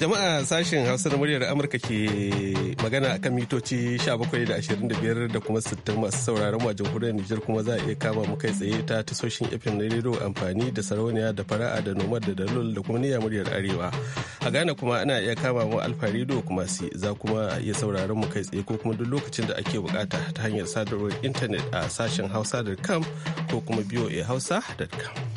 Jama'a sashen Hausa na muryar Amurka ke magana akan mitoci 17.25 da kuma 60 masu sauraron mu a jamhuriyar Nijar kuma za a iya kama mu kai tsaye ta tasoshin FM na rediyo amfani da sarauniya da fara'a da nomad da dalol da kuma niyya muryar Arewa. A Ghana kuma ana iya kama mu Alfa kuma si za kuma iya sauraron mu kai tsaye ko kuma duk lokacin da ake bukata ta hanyar sadarwar intanet a sashen hausa.com ko kuma hausa.com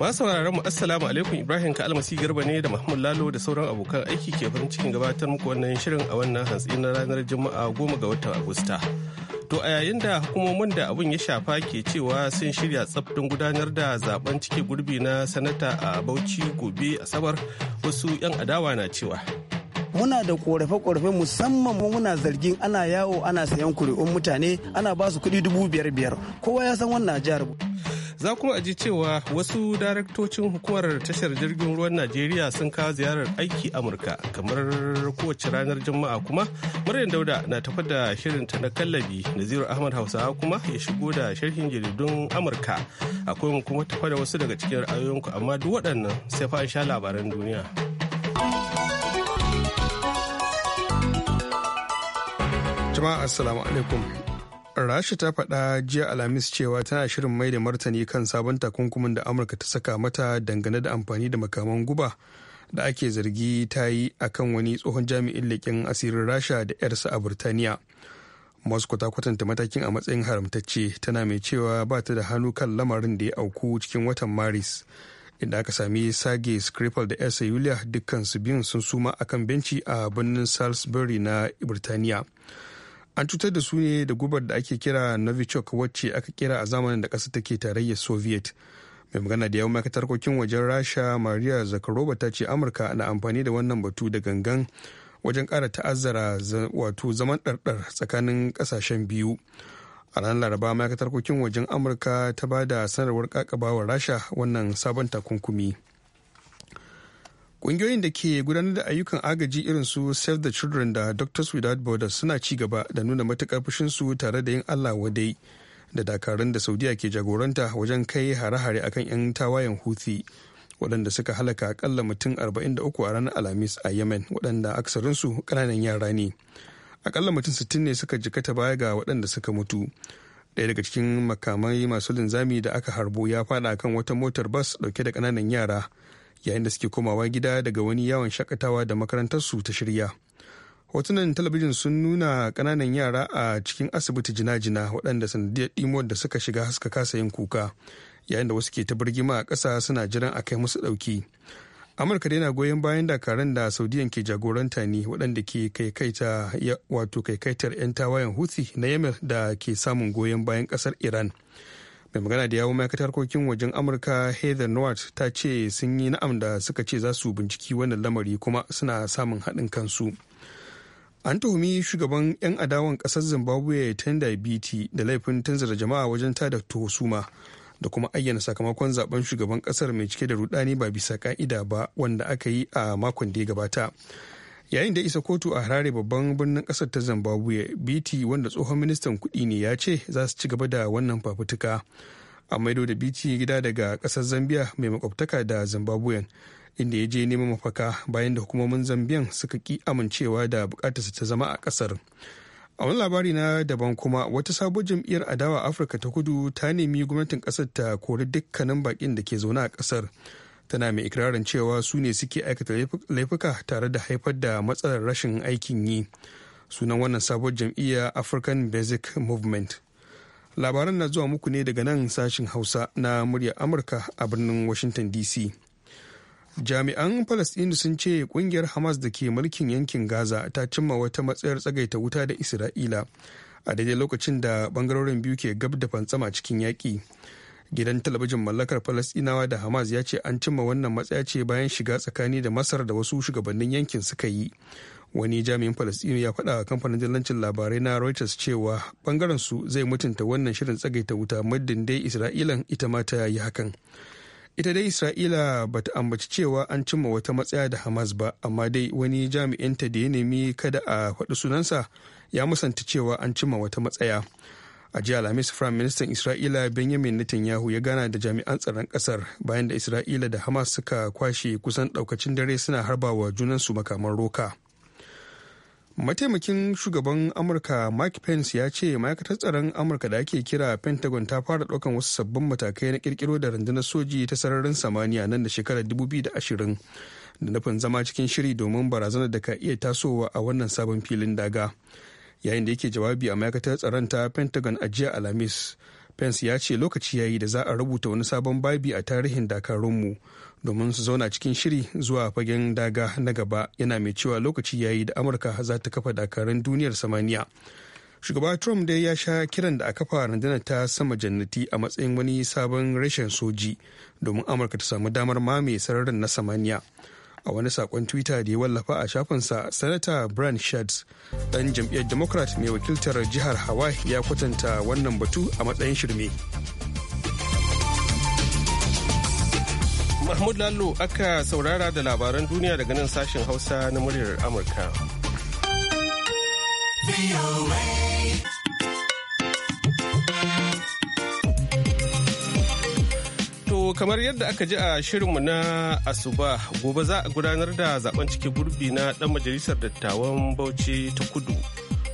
Masu sauraron mu Assalamu alaikum Ibrahim ka almasi garba ne da Mahmud Lalo da sauran abokan aiki ke farin cikin gabatar muku wannan shirin a wannan hantsi na ranar Juma'a goma ga watan Agusta. To a yayin da hukumomin da abin ya shafa ke cewa sun shirya tsaf gudanar da zaben cike gurbi na sanata a Bauchi gobe Asabar wasu 'yan adawa na cewa muna da korafe-korafe musamman muna zargin ana yawo ana sayan kuri'un mutane ana ba su kuɗi dubu biyar biyar kowa ya san wannan jihar za kuma aji cewa wasu daraktocin hukumar tashar jirgin ruwan najeriya sun kawo ziyarar aiki amurka kamar kowace ranar juma'a kuma maryam dauda na tafi da ta na kallabi naziru ahmad hausawa kuma ya shigo da sharhin jaridun amurka akwai mu kuma tafa da wasu daga cikin ra'ayoyinku amma duk waɗannan sai fa sha labaran duniya jama'a assalamu alaikum rasha ta faɗa jiya alhamis cewa tana shirin mai da martani kan sabon takunkumin da amurka ta saka mata dangane da amfani da makaman guba da ake zargi ta yi a kan wani tsohon jami'in leƙen asirin rasha da 'yarsa a burtaniya moscow ta kwatanta matakin a matsayin haramtacce tana mai cewa ba ta da hannu kan lamarin da ya auku cikin watan maris inda aka sami sage skripal da 'yarsa yulia dukkan su biyun sun suma akan benci a birnin salisbury na burtaniya an cutar da su ne da gubar da ake kira novichok wacce aka kira a zamanin da ƙasa take tarayyar soviet mai magana da yawon ma'aikatar harkokin wajen rasha maria zakarova ta ce amurka na amfani da wannan batu da gangan wajen ƙara ta'azzara wato zaman ɗarɗar tsakanin ƙasashen biyu a ranar laraba ma'aikatar harkokin wajen amurka ta ba da sanarwar ƙaƙabawa rasha wannan sabon takunkumi. Ƙungiyoyin da ke gudanar da ayyukan agaji irin su Save the Children da Doctors Without Borders suna ci gaba da nuna matuƙar fushinsu tare da yin Allah wadai da dakarun da Saudiya ke jagoranta wajen kai hare-hare akan 'yan tawayen Houthi waɗanda suka halaka akalla mutum 43 a ranar Alhamis a Yemen waɗanda aksarinsu ƙananan yara ne. Akalla mutum 60 ne suka jikata baya ga waɗanda suka mutu. Ɗaya daga cikin makamai masu linzami da aka harbo ya fada akan wata motar bas ɗauke da ƙananan yara. yayin da suke komawa gida daga wani yawon shakatawa da makarantarsu ta shirya hotunan talabijin sun nuna kananan yara a cikin asibiti jina-jina waɗanda sanadiyar ɗimuwar da suka shiga haska kasa yin kuka yayin da wasu ke ta birgima a ƙasa suna jiran a kai musu ɗauki amurka dai na goyon bayan dakaran da saudiyan ke jagoranta ne waɗanda ke kaikaita wato kaikaitar 'yan tawayen huthi na yemen da ke samun goyon bayan ƙasar iran mai magana da yawon ma'aikatar harkokin wajen amurka heather nowat ta ce sun yi na'am da suka ce za su binciki wannan lamari kuma suna samun haɗin kansu an tuhumi shugaban 'yan adawan ƙasar zimbabwe tenda biti da laifin tanzara jama'a wajen tada tuhusuma da kuma ayyana sakamakon zaben shugaban ƙasar mai cike da rudani ba bisa ka'ida ba wanda aka yi a makon da ya gabata yayin da isa kotu a harare babban birnin kasar ta zimbabwe bt wanda tsohon ministan kudi ne ya ce za su ci gaba da wannan fafutuka a maido da bt gida daga kasar zambia mai makwabtaka da zimbabwean inda ya je neman mafaka bayan da hukumomin zambiyan suka ki amincewa da bukatar ta zama a kasar a wani labari na daban kuma wata sabuwar jam'iyyar adawa afirka ta kudu ta nemi gwamnatin kasar ta kori dukkanin bakin da ke zaune a kasar tana mai ikirarin cewa su ne suke aikata laifuka tare da haifar da matsalar rashin aikin yi sunan wannan sabon jam'iyyar african basic movement labaran na zuwa muku ne daga nan sashen hausa na murya amurka a birnin washington dc jami'an palestine sun ce kungiyar hamas da ke mulkin yankin gaza ta cimma wata matsayar tsagaita wuta da isra'ila a daidai lokacin da bangarorin biyu ke gab da fantsama cikin yaƙi gidan talabijin mallakar falastinawa da hamas ya ce an cimma wannan matsaya ce bayan shiga tsakani da masar da wasu shugabannin yankin suka yi wani jami'in falastinu ya faɗa a kamfanin dillancin labarai na reuters cewa bangaren su zai mutunta wannan shirin tsagaita wuta muddin dai isra'ilan ita ma ta yi hakan ita dai isra'ila ba ta ambaci cewa an cimma wata matsaya da hamas ba amma dai wani jami'inta da ya nemi kada a faɗi sunansa ya musanta cewa an cimma wata matsaya a jiya alhamis prime minister isra'ila benjamin netanyahu ya gana da jami'an tsaron kasar bayan da isra'ila da hamas suka kwashe kusan daukacin dare suna harbawa junansu makaman roka mataimakin shugaban amurka mike pence ya ce ma'aikatar tsaron amurka da ake kira pentagon ta fara daukan wasu sabbin matakai na kirkiro da rundunar soji ta sararin samaniya nan da shekarar 2020 da nufin zama cikin shiri domin barazanar da ka iya tasowa a wannan sabon filin daga. yayin da yake jawabi a ma'aikatar tsaron ta pentagon a jiya alhamis pence ya ce lokaci yayi da za a rubuta wani sabon babi a tarihin dakarunmu domin su zauna cikin shiri zuwa fagen daga na gaba yana mai cewa lokaci yayi da amurka za ta kafa dakarun duniyar samaniya shugaba trump dai ya sha kiran da a kafa rundunar ta sama jannati a matsayin wani sabon rashin soji domin amurka ta samu damar mame sararin na samaniya a wani sakon twitter da ya wallafa a shafinsa sanata brian shatz dan jam'iyyar democrat mai wakiltar jihar hawaii ya kwatanta wannan batu a matsayin shirme mahmud lalo aka saurara da labaran duniya daga nan sashen hausa na muryar amurka kamar yadda aka ji a shirinmu na Asuba gobe za a gudanar da zaben cikin gurbi na ɗan majalisar dattawan Bauchi ta kudu.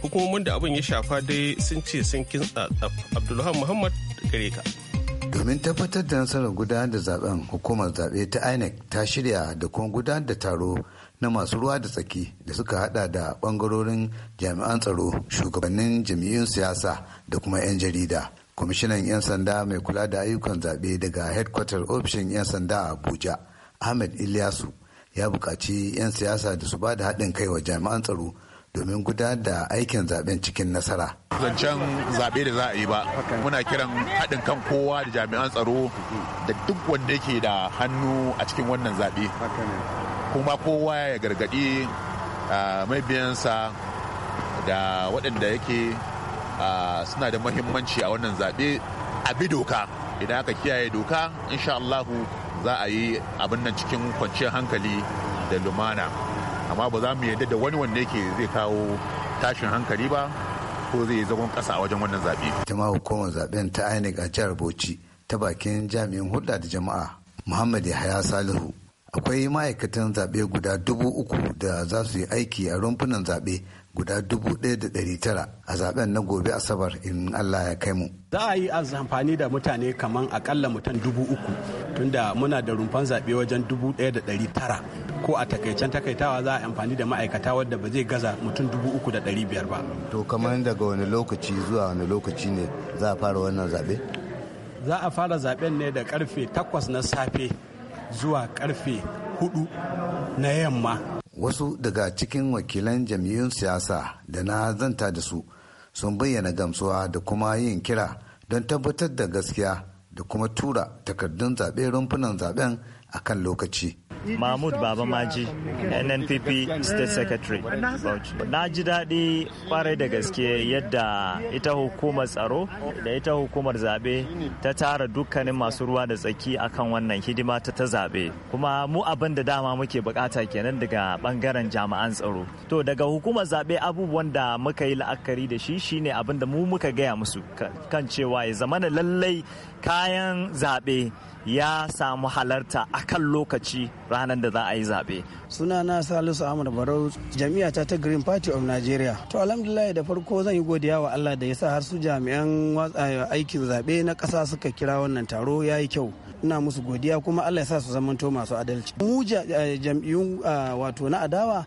Hukumomin da abin ya shafa dai sun ce sun kintsa tsaf. Abdulhamid Muhammad gare ka. domin tabbatar da nasarar gudanar da zaben hukumar zaɓe ta inec ta shirya da kuma gudanar da taro na masu ruwa da tsaki da suka hada da bangarorin jami'an tsaro shugabannin jam'iyyun siyasa da kuma 'yan jarida kwamishinan 'yan sanda mai kula da ayyukan zaɓe daga headquarter ofishin 'yan sanda a abuja ahmed ilyasu ya buƙaci 'yan siyasa da su ba da haɗin kai wa jami'an tsaro domin gudanar da aikin zaben cikin nasara. Zancen zaɓe da za a yi ba, muna kiran haɗin kan kowa da jami'an tsaro da duk wanda yake da hannu a cikin wannan zaɓe. Kuma kowa ya gargaɗi ah, mabiyansa da waɗanda yake suna da muhimmanci a wannan zaɓe a bi doka idan aka kiyaye doka insha Allah za a yi abin nan cikin kwanciyar hankali da lumana amma ba za mu yarda da wani wanda yake zai kawo tashin hankali ba ko zai zagon ƙasa a wajen wannan zaɓe. ita ma hukumar zaɓen ta ainih a jihar bauchi ta bakin jami'in hulɗa da jama'a muhammad yahaya salihu akwai ma'aikatan zaɓe guda dubu uku da za su yi aiki a rumfunan zaɓe guda dubu ɗaya da ɗari tara a zaben na gobe asabar in Allah ya kai mu. Za a yi amfani da mutane kamar akalla mutum dubu uku tunda muna da rumfan zaɓe wajen dubu ɗaya da ɗari tara ko a takaicen takaitawa za a amfani da ma'aikata wadda ba zai gaza mutum dubu uku da ɗari biyar ba. To kamar daga wani lokaci zuwa wani lokaci ne za a fara wannan zaɓe? Za a fara zaɓen ne da karfe takwas na safe zuwa karfe hudu na yamma wasu daga cikin wakilan jam'iyyun siyasa da na zanta da su sun bayyana gamsuwa da kuma yin kira don tabbatar da gaskiya da kuma tura takardun zaɓe rumfunan zaɓen a kan lokaci mahmud baba maji nnpp state secretary na ji daɗi kwarai da gaske yadda ita hukumar tsaro da ita hukumar zaɓe ta tara dukkanin masu ruwa da tsaki akan wannan hidima ta ta zaɓe kuma mu abin da dama muke bukata kenan daga bangaren jami'an tsaro to daga hukumar zaɓe abubuwan da muka yi la'akari da shi shine abin da mu muka gaya musu kan cewa ya zamana lallai kayan zaɓe ya samu halarta a kan lokaci ranar da za a yi zaɓe. suna na salisu ahmad barau jami'a ta ta green party of nigeria to alhamdulillah da farko zan yi godiya wa allah da ya sa har su jami'an eh, aikin zaɓe na ƙasa suka kira wannan taro ya yi kyau ina musu godiya kuma allah ya sa su zamanto masu adalci mu eh, jam'iyyun ah, wato na adawa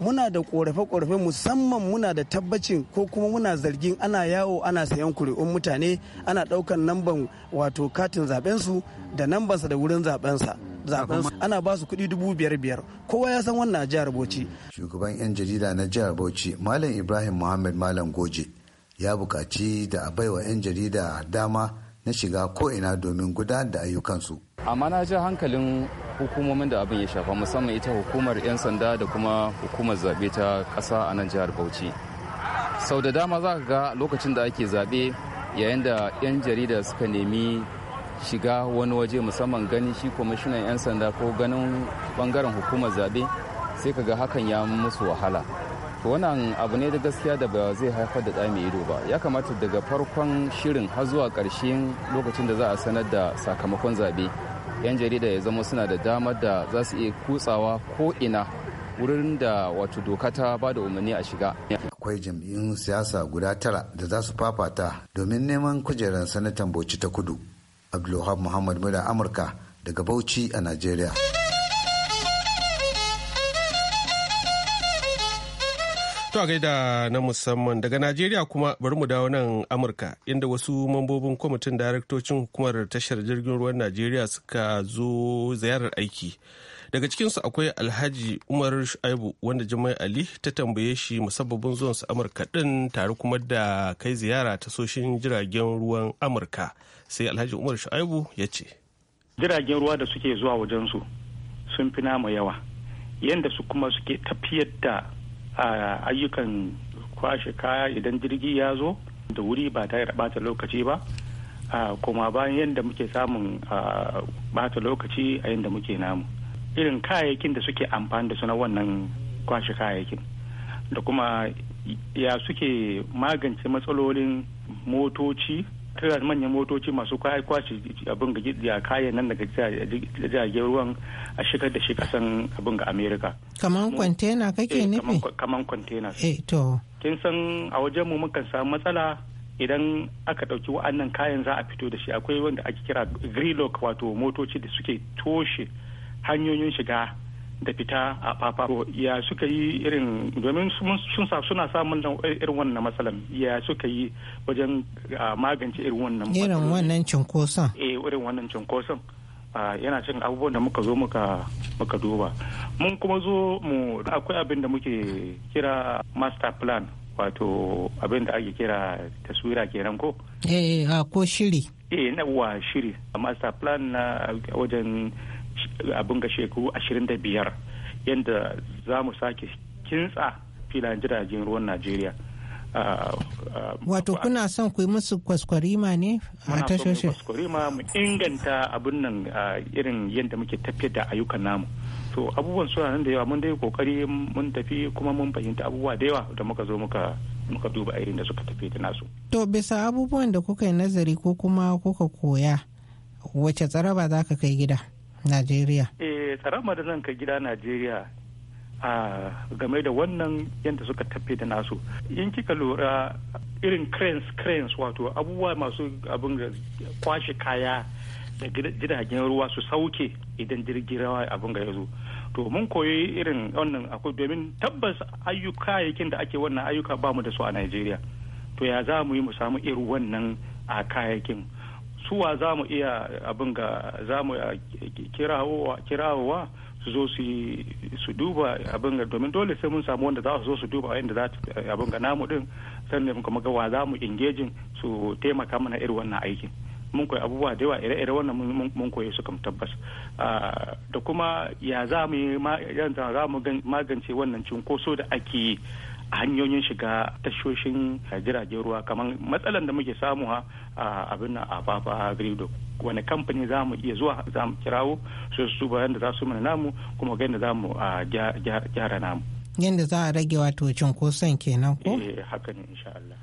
muna da korafe-korafe musamman muna da tabbacin ko kuma muna zargin ana yawo ana sayan kuri'un mutane ana ɗaukan namban wato katin zaɓensu da nambansa da wurin zaɓensa ana ba su kuɗi dubu biyar biyar kowa ya san wannan jihar bauchi shugaban yan jarida na jihar bauchi malam ibrahim muhammad malam goje ya bukaci da a baiwa yan jarida dama na shiga ko'ina domin gudanar da ayyukansu amma na ji hankalin hukumomin da abin ya shafa musamman ita hukumar 'yan sanda da kuma hukumar zaɓe ta ƙasa a nan jihar bauchi sau da dama za ka ga lokacin da ake zaɓe yayin da 'yan jarida suka nemi shiga wani waje musamman ganin shi kwamishinan 'yan sanda ko ganin bangaren hukumar zaɓe sai ka ga hakan ya musu wahala to wannan abu ne da gaskiya da ba zai haifar da ɗamin ido ba ya kamata daga farkon shirin har zuwa ƙarshen lokacin da za a sanar da sakamakon zaɓe 'yan jarida ya zama suna da damar da za su iya kutsawa ko ina wurin da wato doka ta ba da umarni a shiga. Akwai jam'iyyun siyasa guda tara da za su fafata domin neman kujerar sanatan Bauchi ta Kudu. Abdulwahab Muhammad Mura Amurka daga Bauchi a nigeria. To gaida na musamman daga Najeriya kuma bari mu dawo nan Amurka inda wasu mambobin kwamitin daraktocin hukumar tashar jirgin ruwan Najeriya suka zo ziyarar aiki. Daga cikinsu akwai Alhaji Umar Shu'aibu wanda Jummai Ali ta tambaye shi musabbabin zuwan su Amurka din tare kuma da kai ziyara ta soshin jiragen ruwan Amurka. Sai Alhaji Umar Shu'aibu ya ce. Jiragen ruwa da suke zuwa wajen su sun fi nama yawa. Yanda su kuma suke tafiyar da a ayyukan kwashe kaya idan jirgi ya zo da wuri ba tare da bata lokaci ba kuma bayan yadda muke samun bata lokaci a yadda muke namu irin kayayyakin da suke amfani da su na wannan kwashe kayayyakin da kuma ya suke magance matsalolin motoci tara manyan motoci masu kwaya kwace abin ga kayan nan daga jirage ruwan a shigar da shi kasan abin ga amerika kaman kwantena kake eh, nufi kaman kwantena eh to kin san a wajen mu mukan samu matsala idan aka ɗauki wa'annan kayan za a fito da shi akwai wanda ake kira grilok wato motoci da suke toshe hanyoyin shiga da fita a fafa ya suka yi irin domin suna samun eh, irin wannan matsalan ya suka yi wajen magance irin wannan irin wannan cinkoson eh irin wannan cinkoson yana cin abubuwan da muka zo muka duba mun kuma zo mu akwai abin da muke kira master plan wato abin da ake kira taswira kenan ko eh, eh ko shiri eh na wa shiri master plan na wajen abin ga shekaru 25 yadda za mu sake kintsa filayen jiragen ruwan najeriya ah, ah, wato kuna son ku yi musu kwaskwarima ne a tashoshin kwaskwarima mu inganta abin nan ah, irin yadda muke tafiyar da ayyukan namu so abubuwan suna nan da yawa mun dai kokari mun tafi kuma mun fahimta abubuwa da yawa da muka zo muka muka duba irin da suka tafi da nasu to bisa abubuwan da kuka yi nazari ko kuma kuka koya wace tsaraba za ka kai gida Najeriya. Eh da zan ka gida Najeriya a game da wannan yadda suka tafi da nasu. In kika lura irin cranes cranes wato abubuwa masu abin kwashe kaya da jiragen ruwa su sauke idan jirgin ruwa abin ga ya to mun koyi irin wannan akwai domin tabbas ayyuka yakin da ake wannan ayyuka ba mu da su a Najeriya to ya za mu yi mu samu irin wannan a kayakin suwa za mu iya abin ga za mu kirawowa su zo su duba abin ga domin dole sai mun samu wanda za su zo su duba inda za su eh, abin ga namu din sannan kuma ga wa za mu engaging su taimaka mana irin wannan aikin mun koyi abubuwa da yawa ire-ire wannan mun koyi su kam tabbas ah, da kuma ya za mu magance wannan cunkoso da ake yi hanyoyin shiga tashoshin eh, jiragen ruwa kamar matsalan da muke samu a abin a fafa grido wani kamfani za mu iya zuwa za mu kirawo su su bayan da za su mana namu kuma ga yadda za mu gyara namu yadda za a rage wato son kenan ko eh haka ne insha Allah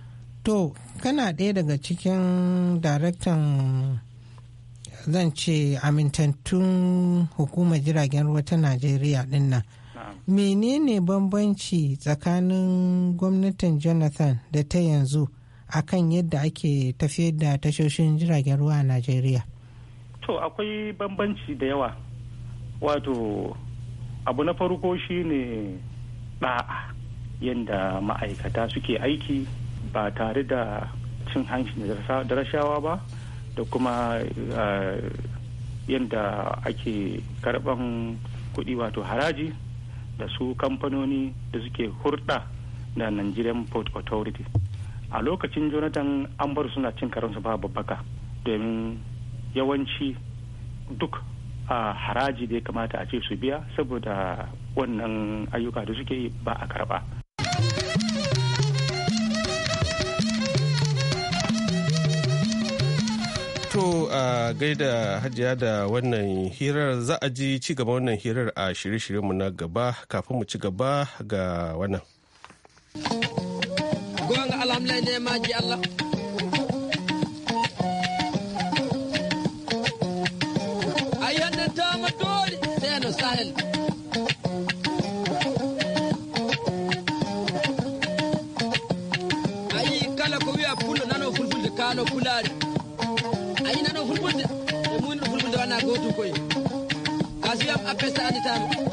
to kana ɗaya daga cikin daraktan zan ce amintattun hukumar jiragen ruwa ta Najeriya nan. menene bambanci tsakanin gwamnatin jonathan da ta yanzu a kan yadda ake tafiyar da tashoshin jiragen ruwa a najeriya to akwai bambanci da yawa wato abu na farko shine ɗa'a yadda ma'aikata suke aiki ba tare da cin hanci da rashawa ba da kuma eh, yadda ake karban kuɗi wato haraji da su kamfanoni da suke hurɗa da nigerian port authority a lokacin jonathan an bar suna cin karansu ba babbaka domin yawanci duk a haraji da ya kamata a ce su biya saboda wannan ayyuka da suke yi ba a karɓa. To a gaida hajiya da wannan hirar za a ji ci gaba wannan hirar a shirye-shiryenmu na gaba kafin mu ci gaba ga wannan. Best pressed it the time.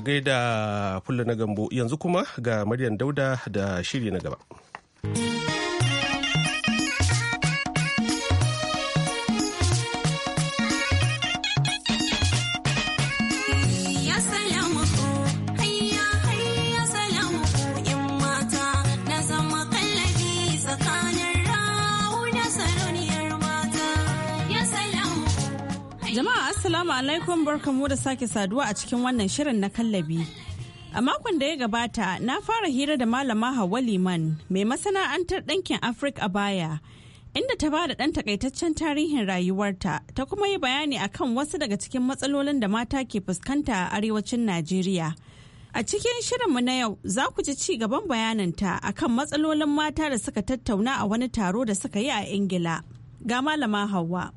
a gaida fulla na gambo yanzu kuma ga Maryam Dauda da shiri na gaba. alaikum barkamu da sake saduwa a cikin wannan shirin na kallabi. A makon da ya gabata na fara hira da malama Hawa Liman mai masana'antar ɗankin Afirka a baya inda ta ba da ɗan takaitaccen tarihin rayuwarta ta kuma yi bayani a kan wasu daga cikin matsalolin da mata ke fuskanta a arewacin Najeriya. A cikin shirin mu na yau za ku ji ci gaban bayananta a kan matsalolin mata da suka tattauna a wani taro da suka yi a Ingila. Ga malama Hauwa.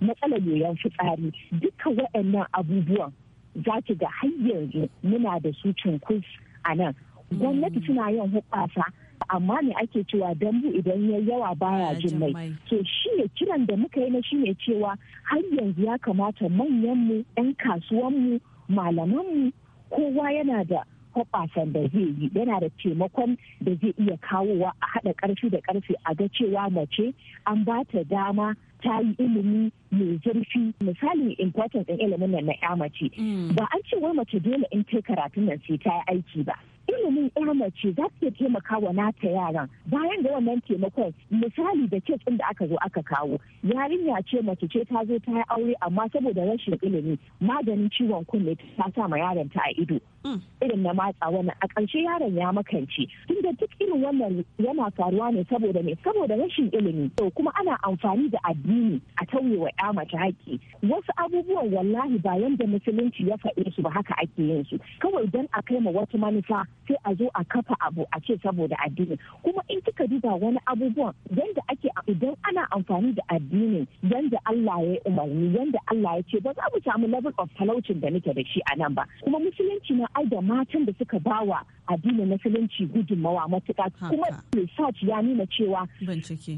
matsalar yoyon fitsari duka waɗannan abubuwan za ki ga har yanzu muna da su cunkus a nan hmm. gwamnati suna yin hubbasa amma ne ake cewa dambu idan ya yawa baya jin mai to shi ne kiran da muka yi na shi ne cewa har yanzu ya kamata manyanmu 'yan kasuwanmu malamanmu kowa yana da hoɓasan da zai yi yana da taimakon da zai iya kawowa a haɗa ƙarfi da ƙarfi a ga cewa mace an ba ta dama ta yi ilimi mai zurfi misalin importance ɗin ilimin nan na ya mace mm. ba an ce wai mace dole in ta karatun nan sai ta yi aiki ba ilimin ya mace za ta taimaka wa nata yaran bayan da wannan taimakon misali da kes ɗin da aka zo aka kawo yarinya ce mace ce ta zo ta yi aure amma saboda rashin ilimi maganin ciwon kunne ta sa ma yaron ta a ido hmm. irin na matsa wannan a ƙarshe yaron ya makance tunda duk irin wannan yana faruwa ne saboda ne saboda rashin ilimi to kuma ana amfani da addini a tauye wa ya mace haƙƙi wasu abubuwan wallahi ba yanda musulunci ya faɗe su ba haka ake yin su kawai don a kai ma wata manufa sai a zo a kafa abu a ce saboda addini kuma in kika duba wani abubuwan yanda ake idan ana amfani da addini yanda Allah ya umarni yanda Allah ya ce ba za mu samu level of talaucin da nake da shi a nan ba kuma musulunci na ai da matan da suka bawa addinin musulunci gudunmawa matuƙa kuma research ya nuna cewa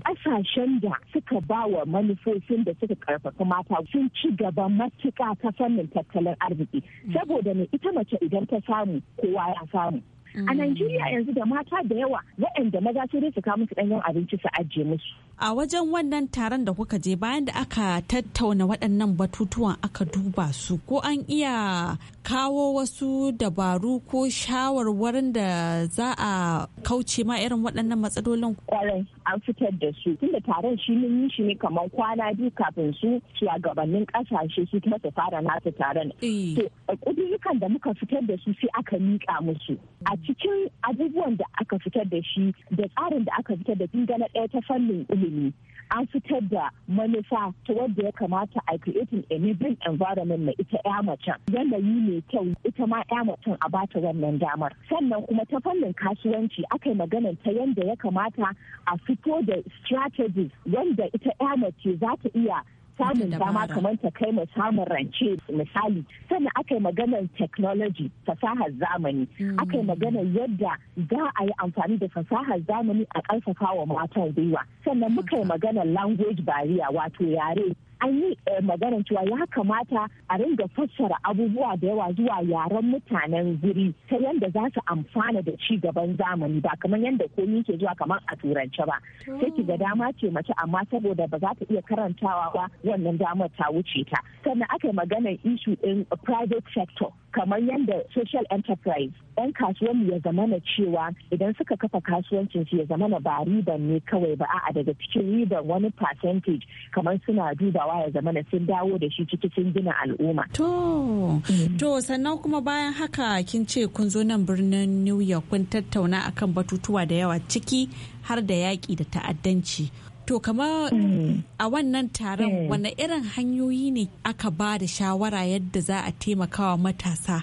ƙasashen da suka bawa manufofin da suka karfafa mata sun ci gaba matuka ta fannin tattalin arziki mm. saboda ne ita mace idan ta samu kowa ya samu a Najeriya yanzu da mata da yawa waɗanda maza sai dai su kawo musu ɗanyen abinci su ajiye musu a wajen wannan taron da kuka je bayan da aka tattauna waɗannan batutuwan aka duba su ko an iya kawo wasu dabaru ko shawarwarin da za a kauce ma irin waɗannan matsalolin kwarai an fitar da su tunda taron shi mun yi shi ne kamar kwana biyu kafin su shugabannin kasashe su kuma su fara nasu taron eh. to da muka fitar da su sai aka miƙa musu a cikin abubuwan da aka fitar da shi da tsarin da aka fitar da na ɗaya ta fannin ilimi an fitar da manufa ta wadda ya kamata a creating a living environment na ita ya macen yanayi mai kyau ita ma ya macen a bata wannan damar sannan kuma ta fannin kasuwanci aka yi maganar ta yadda ya kamata a fito da strategies wanda ita ya mace za ta iya samun dama kamar ta kai mu samun rance misali sannan aka yi maganar technology fasahar zamani hmm. aka yi maganar yadda za a yi amfani da fasahar zamani a ƙarfafa wa matan gwiwa sannan muka yi maganar language barrier wato yare an yi eh, maganar cewa ya kamata a ringa fassara abubuwa da yawa zuwa yaren mutanen guri ta yadda za su amfana da ci gaban zamani ba kamar yadda komi ke zuwa kamar a turance ba sai ki ga oh. dama ce mace amma saboda ba za ta iya karantawa ba wannan damar ta wuce ta sannan aka yi maganar ishu ɗin private sector kamar yadda social enterprise ɗan kasuwanmu ya zamana cewa idan suka kafa kasuwancin su ya zamana ba riban ne kawai ba a'a daga cikin riban wani percentage kamar suna dubawa ya zama na sun dawo da shi cikin gina al'umma. To, mm. to sannan kuma bayan haka kin ce kun zo nan birnin New York kun tattauna akan batutuwa da yawa ciki har da yaƙi da ta'addanci to kamar mm. a wannan taron mm. wane irin hanyoyi ne aka ba da shawara yadda za a taimakawa matasa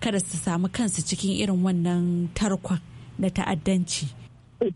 kada su samu kansu cikin irin wannan tarkon na ta'addanci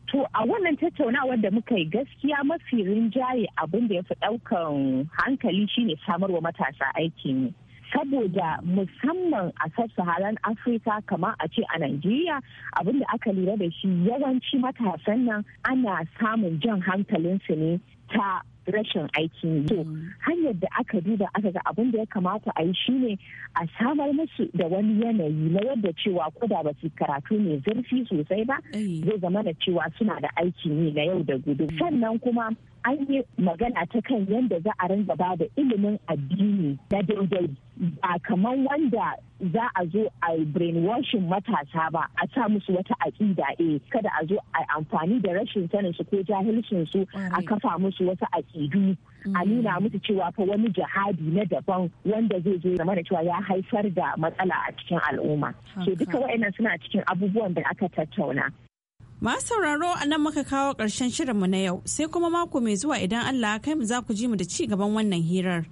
to a wannan tattaunawar da muka yi gaskiya mafi rinjaye abin da ya fi ɗaukan hankali shine samarwa matasa aikin saboda musamman a sassaharan afirka kamar a ce a najeriya abinda aka lura da shi yawanci matasan nan ana samun jan hankalinsu ne ta rashin aikin yi. Mm. hanyar da aka duba aka ga abin da ya kamata a yi shine a samar musu da wani yanayi na yadda cewa ko da ba su karatu mai zurfi sosai ba zai zama da cewa suna da aikin yi na yau da gudu mm. Sannan kuma an yi magana ta kan yadda za a ringa ba da ilimin addini na daidai ba kamar wanda za a zo a brainwashing matasa ba a sa musu wata aƙida e kada a zo a amfani da rashin sanin su ko jahilcin su a kafa musu wata aƙidu a mm. nuna musu cewa fa wani jihadi na daban wanda zai zo zama da cewa ya haifar da matsala a cikin al'umma so duka waɗannan suna cikin abubuwan da aka tattauna ma sauraro a nan muka kawo ƙarshen shirinmu na yau sai kuma mako mai zuwa idan Allah kai mu za ku ji mu da ci gaban wannan hirar.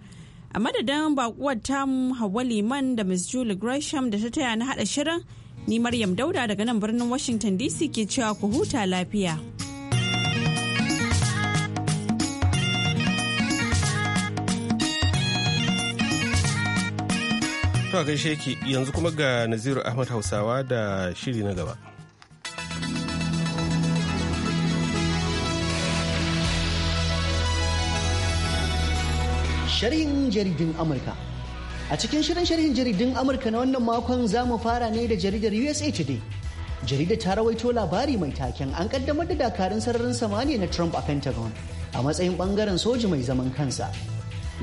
A madadin bakuwar tamu Hauwa Liman da ms Julie Gresham da ta taya na haɗa shirin ni Maryam Dauda daga nan birnin Washington DC ke cewa ku huta lafiya. To gaishe ki yanzu kuma ga Naziru Ahmad Hausawa da shiri na gaba. shirin jaridin Amurka. A cikin shirin sharhin jaridin Amurka na wannan makon za mu fara ne da jaridar USA Today. jarida ta rawaito labari mai taken an kaddamar da dakarun sararin samaniya na Trump a Pentagon a matsayin bangaren soji mai zaman kansa.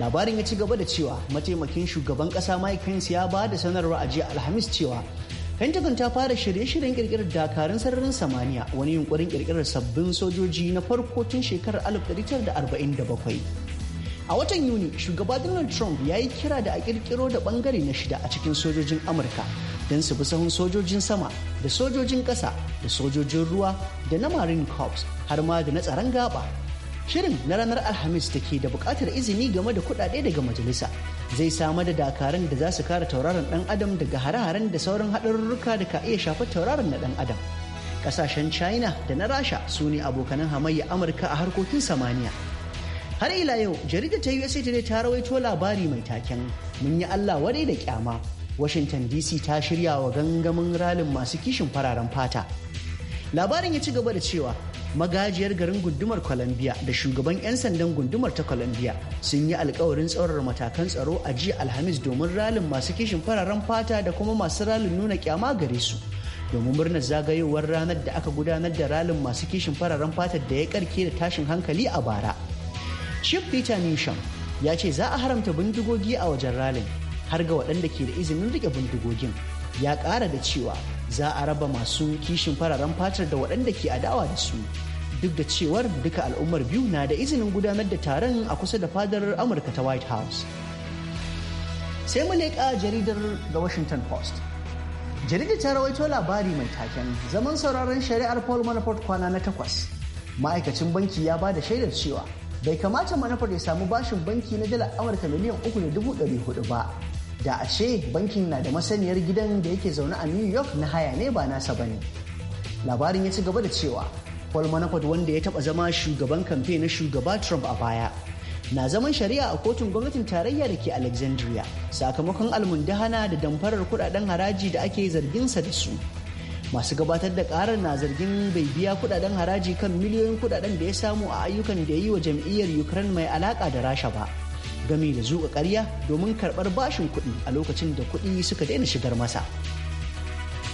Labarin ya ci gaba da cewa mataimakin shugaban kasa Mike Pence ya ba da sanarwa a jiya Alhamis cewa Pentagon ta fara shirye-shiryen kirkirar dakarun sararin samaniya wani yunkurin kirkirar sabbin sojoji na farko tun shekarar 1947. A watan Yuni, shugaba Donald Trump ya yi kira da a kirkiro da bangare na shida a cikin sojojin Amurka don su bi sahun sojojin sama da sojojin ƙasa da sojojin ruwa da na Marine Corps har ma da na tsaron gaba. Shirin na ranar Alhamis da ke da buƙatar izini game da kuɗaɗe daga majalisa zai samar da dakaran da za su kare tauraron ɗan adam daga hare-haren da sauran haɗarurruka da ka iya shafar tauraron na ɗan adam. Ƙasashen China da na Rasha su ne abokanan hamayya Amurka a harkokin samaniya. har ila yau jaridar ta usa today ta rawaito labari mai taken mun yi allah wadai da kyama washington dc ta shirya wa gangamin ralin masu kishin fararen fata labarin ya ci gaba da cewa magajiyar garin gundumar columbia da shugaban 'yan sandan gundumar ta columbia sun yi alkawarin tsaurar matakan tsaro a jiya alhamis domin ralin masu kishin fararen fata da kuma masu ralin nuna kyama gare su domin murnar zagayowar ranar da aka gudanar da ralin masu kishin fararen fata da ya karke da tashin hankali a bara Chief Peter Newsham ya ce za a haramta bindigogi a wajen ralin har ga waɗanda ke da izinin rike bindigogin. Ya ƙara da cewa za a raba masu kishin fararen fatar da waɗanda ke adawa da su. Duk da cewar duka al'ummar biyu na da izinin gudanar da taron a kusa da fadar Amurka ta White House. Sai mu leƙa jaridar The Washington Post. Jaridar ta rawaito labari mai taken zaman sauraron shari'ar Paul Manafort kwana na takwas. Ma'aikacin banki ya ba da shaidar cewa bai kamata manufar ya samu bashin banki na dala amurka miliyan uku da dubu ɗari hudu ba da ashe bankin na da masaniyar gidan da yake zaune a new york na haya ne ba nasa ba ne labarin ya ci gaba da cewa paul manafort wanda ya taba zama shugaban kamfe na shugaba trump a baya na zaman shari'a a kotun gwamnatin tarayya da ke alexandria sakamakon almundahana da damfarar kudaden haraji da ake zarginsa da su masu gabatar da karar na zargin bai biya kudaden haraji kan miliyoyin kudaden da ya samu a ayyukan da ya yi wa jam'iyyar ukraine mai alaka da rasha ba gami da zuka karya domin karɓar bashin kuɗi a lokacin da kuɗi suka daina shigar masa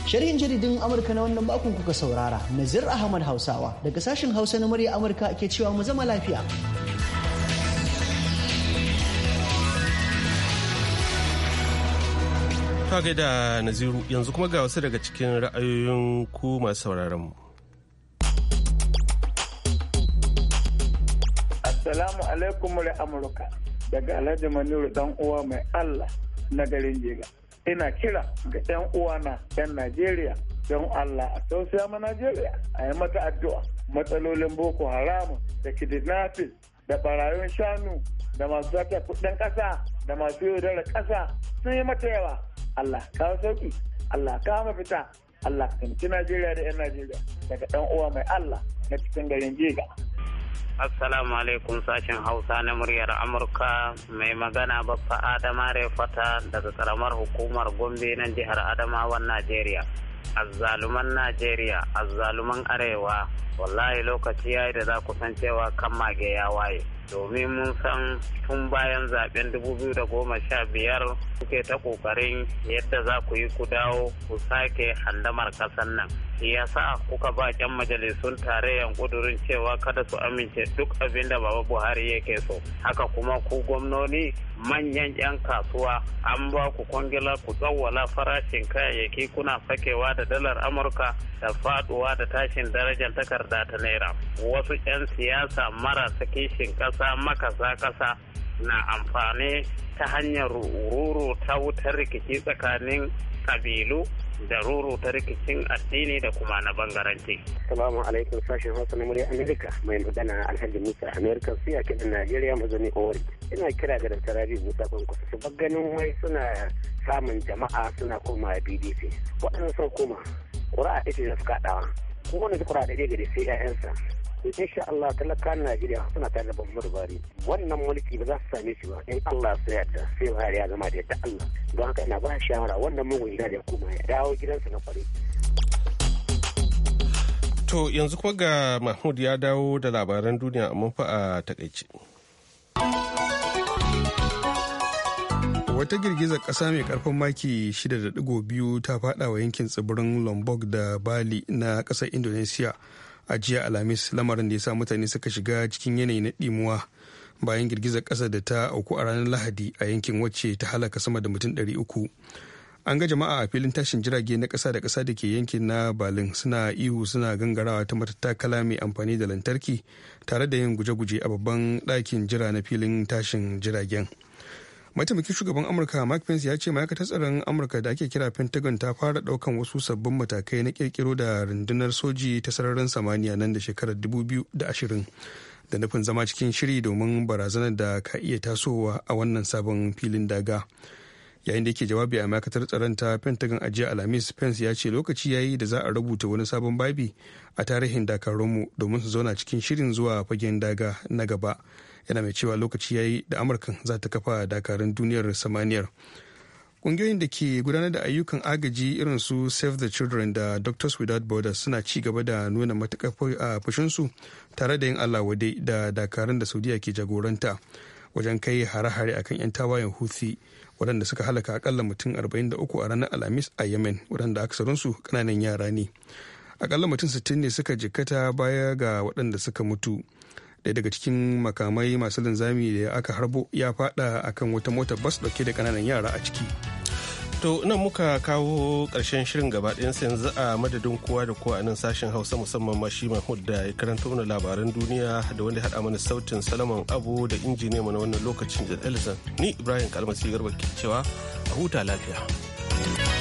sharhin jaridin amurka na wannan makon kuka saurara nazir ahmad hausawa daga sashen hausa na murya amurka ke cewa mu zama lafiya Ka gaida Naziru yanzu kuma ga wasu daga cikin ra'ayoyin ku masu sauraron mu. Assalamu alaikum da Amurka daga Alhaji Maniru dan uwa mai Allah na garin Jega. Ina kira ga 'yan uwa na 'yan Najeriya don Allah a tausaya ma Najeriya a yi mata addu'a matsalolin Boko Haram da kidnapping da barayin shanu da masu zata kudin ƙasa da masu yaudara ƙasa sun yi mata yawa Allah ka sauki Allah ka mafita Allah ka taimaki Najeriya da 'yan Najeriya daga ɗan uwa mai Allah na cikin garin Jega. Assalamu alaikum sashen Hausa na muryar Amurka mai magana babba Adama Refata daga karamar hukumar Gombe na jihar Adamawan Najeriya. Azzaluman Najeriya, azzaluman Arewa, wallahi lokaci ya yi da za ku san cewa kan mage ya waye domin mun san tun bayan zaben 2015 kuke ta kokarin yadda za ku yi ku dawo ku sake handamar kasan nan shi sa kuka ba yan majalisun tarayyan kudurin cewa kada su amince duk abin da baba buhari yake so haka kuma ku gwamnoni manyan yan kasuwa an ba ku kwangila ku tsawwala farashin kayayyaki kuna sakewa da dalar amurka da faduwa da tashin darajar takardar kasa ta naira wasu 'yan siyasa marasa kishin kasa makasa kasa na amfani ta hanyar ruru ta wutar rikici tsakanin kabilu da ruru ta rikicin addini da kuma na bangaranci. Salamu alaikum sashen Hausa na murya Amerika mai magana Alhaji Musa Amerika siya da Najeriya mazauni Owari. Ina kira ga Dr. Musa Kwankwasa su ganin wai suna samun jama'a suna koma BDC. Waɗannan kuma kura a ita da suka ɗawa. wani zukura da da sai 'ya'yansa sha Allah talakan Najeriya suna tare da babbar bari wannan mulki ba za su same shi ba in Allah sai ya ta sai bari ya zama da yadda Allah don haka ina ba shawara wannan mugun da ya koma ya dawo gidansa na kware to yanzu kuma ga Mahmud ya dawo da labaran duniya amma fa a takaice wata girgizar ƙasa mai karfin maki 6.2 ta fada wa yankin tsibirin lombok da bali na ƙasar indonesia a jiya alhamis lamarin da ya sa mutane suka shiga cikin yanayi na ɗimuwa bayan girgizar ƙasa da ta auku a ranar lahadi a yankin wacce ta halaka sama da mutum 300 an ga jama'a a filin tashin jirage na ƙasa da kasa da ke yankin na balin suna ihu suna gangarawa ta matattakala mai amfani da lantarki tare da yin guje-guje a babban ɗakin jira na filin tashin jiragen. mataimakin shugaban amurka mike pence ya ce ma'aikatar tsaron amurka da ake kira pentagon ta fara daukan wasu sabbin matakai na kirkiro da rundunar soji ta sararin samaniya nan da shekarar 2020 da nufin zama cikin shiri domin barazanar da ka iya tasowa a wannan sabon filin daga yayin da yake jawabi a ma'aikatar tsaron ta pentagon a jiya alhamis pence ya ce lokaci ya yi da za a rubuta wani sabon babi a tarihin dakarunmu domin su zauna cikin shirin zuwa fagen daga na gaba yana mai cewa lokaci ya yi da amurkan za ta kafa dakarun duniyar samaniyar ƙungiyoyin da ke gudanar da ayyukan agaji irin su save the children da doctors without borders suna ci gaba da nuna matuƙar fushinsu tare da yin allah wade da dakarun da saudiya ke jagoranta wajen kai hare-hare akan 'yan tawayen houthi waɗanda suka halaka akalla mutum 43 a ranar alhamis a yemen waɗanda aksarinsu ƙananan yara ne akalla mutum 60 ne suka jikkata baya ga waɗanda suka mutu da daga cikin makamai masu linzami da aka harbo ya fada akan wata mota bas dauke da kananan yara a ciki to nan muka kawo karshen shirin gaba yanzu a madadin kowa da kowa a nan sashen hausa musamman ma shi mahmud da ya karanta wani labaran duniya da wanda haɗa mana sautin salaman abu da injini mana wannan lokacin da ni ibrahim kalmasi garba ke cewa a huta lafiya